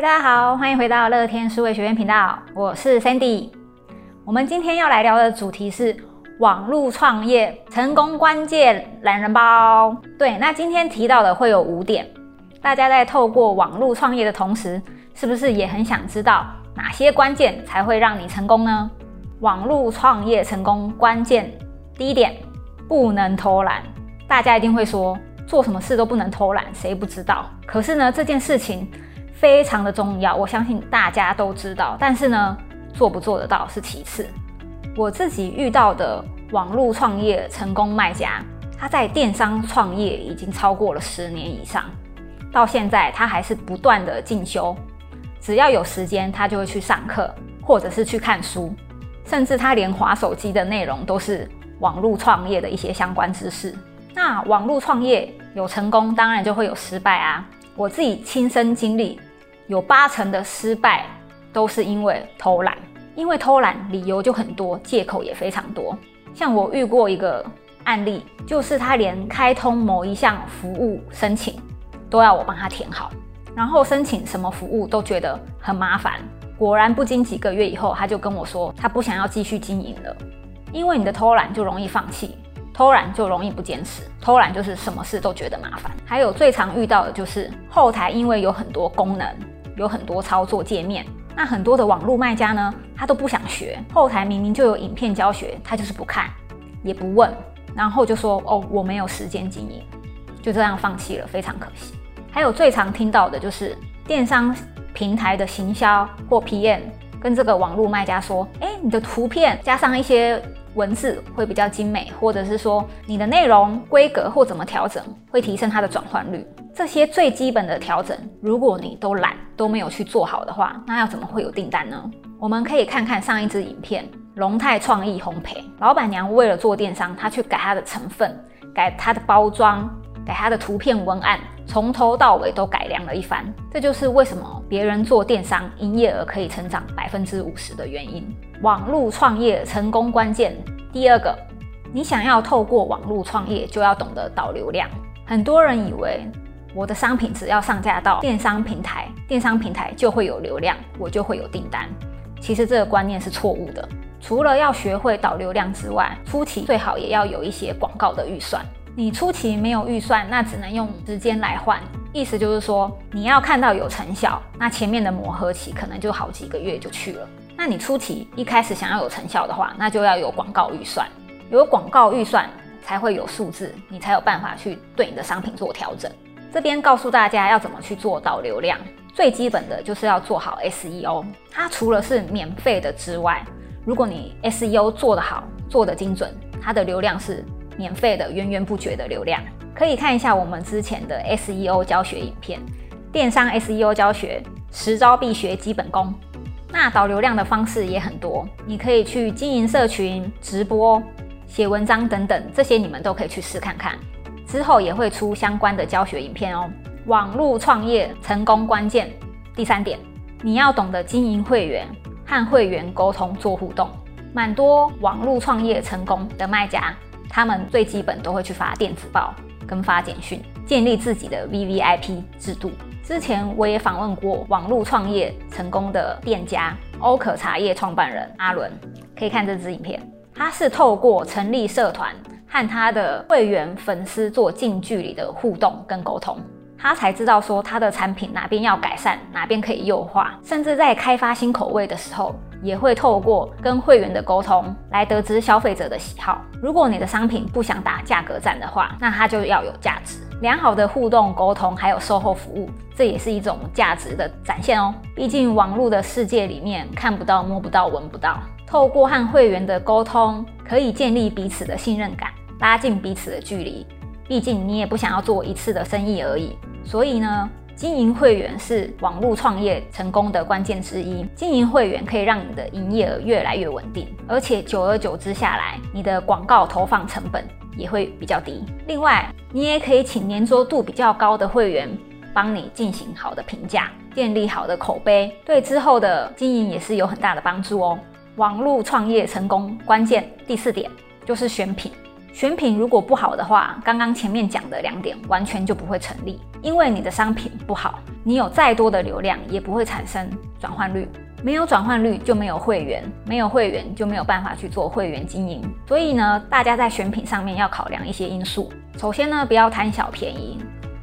大家好，歡迎回到樂天思維學院頻道，我是 Sandy。我們今天要來聊的主題是網路創業成功關鍵懶人包。對，那今天提到的會有五點，大家在透過網路創業的同時，是不是也很想知道哪些關鍵才會讓你成功呢？網路創業成功關鍵，第一點，不能偷懶。大家一定會說，做什麼事都不能偷懶，誰不知道？可是呢，這件事情。非常的重要，我相信大家都知道。但是呢，做不做得到是其次。我自己遇到的網絡創業成功賣家，他在電商創業已經超過了十年以上，到現在他還是不斷的進修，只要有時間他就會去上課，或者是去看書，甚至他連滑手機的內容都是網絡創業的一些相關知識。那網絡創業有成功，當然就會有失敗啊。我自己親身經歷。有八成的失敗都是因為偷懶，因為偷懶，理由就很多，借口也非常多。像我遇過一個案例，就是他連開通某一項服務申請都要我幫他填好，然後申請什麼服務都覺得很麻煩。果然，不經幾個月以後，他就跟我說他不想要繼續經營了。因為你的偷懶就容易放棄，偷懶就容易不堅持，偷懶就是什麼事都覺得麻煩。還有最常遇到的就是後台，因為有很多功能。有很多操作界面，那很多的網絡賣家呢，他都不想學，後台明明就有影片教學，他就是不看也不問，然後就說哦，我沒有時間經營，就這樣放棄了，非常可惜。還有最常聽到的就是電商平台的行銷或 PM 跟這個網絡賣家說誒、欸，你的圖片加上一些文字會比較精美，或者是說你的內容規格或怎麼調整，會提升它的轉換率。這些最基本的調整，如果你都懶，都沒有去做好的話，那要怎麼會有訂單呢？我們可以看看上一支影片《龍泰創意烘焙》。老闆娘為了做電商，她去改她的成分，改她的包裝，改她的圖片文案，從頭到尾都改良了一番。這就是為什麼別人做電商營業額可以成長百分之五十的原因。網絡創業成功關鍵。第二個，你想要透過網絡創業，就要懂得導流量。很多人以為。我的商品只要上架到電商平台，電商平台就會有流量，我就會有訂單。其實這個觀念是錯誤的。除了要學會導流量之外，初期最好也要有一些廣告的預算。你初期沒有預算，那只能用時間來換。意思就是說，你要看到有成效，那前面的磨合期可能就好幾個月就去了。那你初期一開始想要有成效的話，那就要有廣告預算，有廣告預算才會有數字，你才有辦法去對你的商品做調整。這邊告訴大家要怎麼去做導流量，最基本的就是要做好 SEO。它，除了是免費的之外，如果你 SEO 做得好、做得精準，它的流量是免費的、源源不絕的流量。可以看一下我們之前的 SEO 教學影片，電商 SEO 教學十招必學基本功。那導流量的方式也很多，你可以去經營社群、直播、寫文章等等，這些你們都可以去試看看。之後也會出相關的教學影片哦。網絡創業成功關鍵第三點，你要懂得經營會員和會員溝通做互動。蠻多網絡創業成功的賣家，他們最基本都會去發電子報跟發簡訊，建立自己的 VVIP 制度。之前我也訪問過網絡創業成功的店家，歐可茶葉創辦人阿倫，可以看這支影片，他是透過成立社團。和他的會員粉絲做近距離的互動跟溝通，他才知道說他的產品哪邊要改善，哪邊可以優化，甚至在開發新口味的時候，也會透過跟會員的溝通來得知消費者的喜好。如果你的商品不想打價格戰的話，那它就要有價值。良好的互動溝通還有售後服務，這也是一種價值的展現哦。畢竟網絡的世界裡面看不到、摸不到、聞不到，透過和會員的溝通，可以建立彼此的信任感。拉近彼此的距離，畢竟你也不想要做一次的生意而已。所以呢，經營會員是網絡創業成功的關鍵之一。經營會員可以讓你的營業額越來越穩定，而且久而久之下來，你的廣告投放成本也會比較低。另外，你也可以請粘着度比較高的會員幫你進行好的評價，建立好的口碑，對之後的經營也是有很大的幫助哦。網絡創業成功關鍵第四點就是選品。選品如果不好的話，剛剛前面講的兩點完全就不會成立，因為你的商品不好，你有再多的流量也不會產生轉換率，沒有轉換率就沒有會員，沒有會員就沒有辦法去做會員經營。所以呢，大家在選品上面要考量一些因素。首先呢，不要貪小便宜，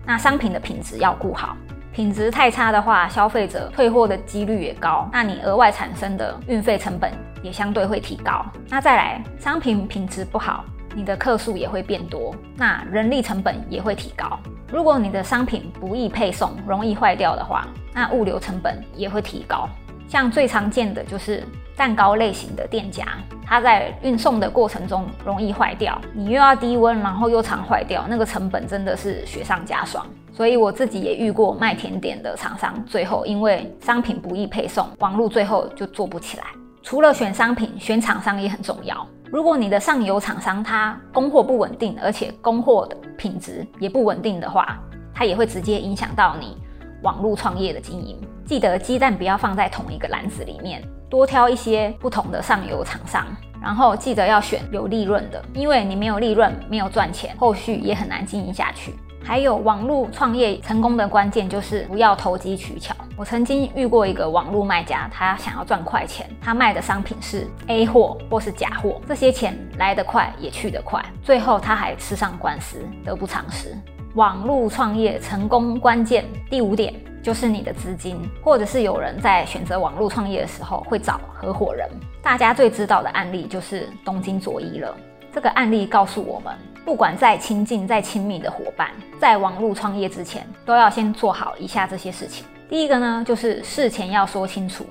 那商品的品質要顧好，品質太差的話，消費者退貨的幾率也高，那你額外產生的運費成本也相對會提高。那再來，商品品質不好，你的客數也會變多，那人力成本也會提高。如果你的商品不易配送、容易壞掉的話，那物流成本也會提高。像最常見的就是蛋糕類型的店家，它在運送的過程中容易壞掉，你又要低溫，然後又常壞掉，那個成本真的是雪上加霜。所以我自己也遇過賣甜點的廠商，最後因為商品不易配送，網絡最後就做不起來。除了選商品，選廠商也很重要。如果你的上游廠商它供貨不穩定，而且供貨的品質也不穩定的話，它也會直接影響到你網絡創業的經營。記得雞蛋不要放在同一個籃子裡面，多挑一些不同的上游廠商，然後記得要選有利潤的，因為你沒有利潤，沒有賺錢，後續也很難經營下去。還有網絡創業成功的關鍵就是不要投機取巧。我曾經遇過一個網絡賣家，他想要賺快錢，他賣的商品是 A 貨或是假貨，這些錢來得快也去得快，最後他還吃上官司，得不償失。網絡創業成功關鍵第五點就是你的資金，或者是有人在選擇網絡創業的時候會找合夥人。大家最知道的案例就是東京著衣了，這個案例告訴我們。不管再親近、再親密的夥伴，在網絡創業之前，都要先做好以下這些事情。第一個呢，就是事前要說清楚，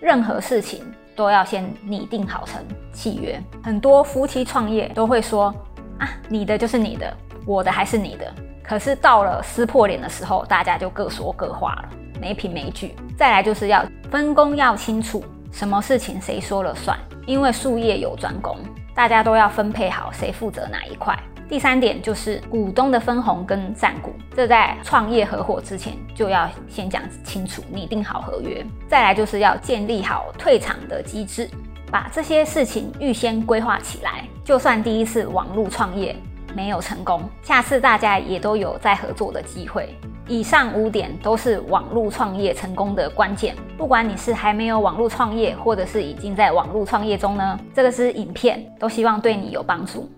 任何事情都要先擬定好成契約。很多夫妻創業都會說：“啊，你的就是你的，我的還是你的。”可是到了撕破臉的時候，大家就各說各話了，沒憑沒據。再來就是要分工要清楚，什麼事情誰說了算，因為術業有專攻，大家都要分配好誰負責哪一塊。第三點就是股東的分紅跟占股，這在創業合夥之前就要先講清楚，擬定好合約。再來就是要建立好退場的機製，把這些事情預先規劃起來。就算第一次網絡創業沒有成功，下次大家也都有再合作的機會。以上五點都是網絡創業成功的關鍵。不管你是還沒有網絡創業，或者是已經在網絡創業中呢，這個是影片都希望對你有幫助。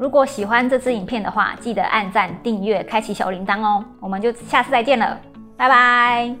如果喜歡這支影片的話，記得按讚、訂閱、開啟小鈴鐺哦！我們就下次再見了，拜拜。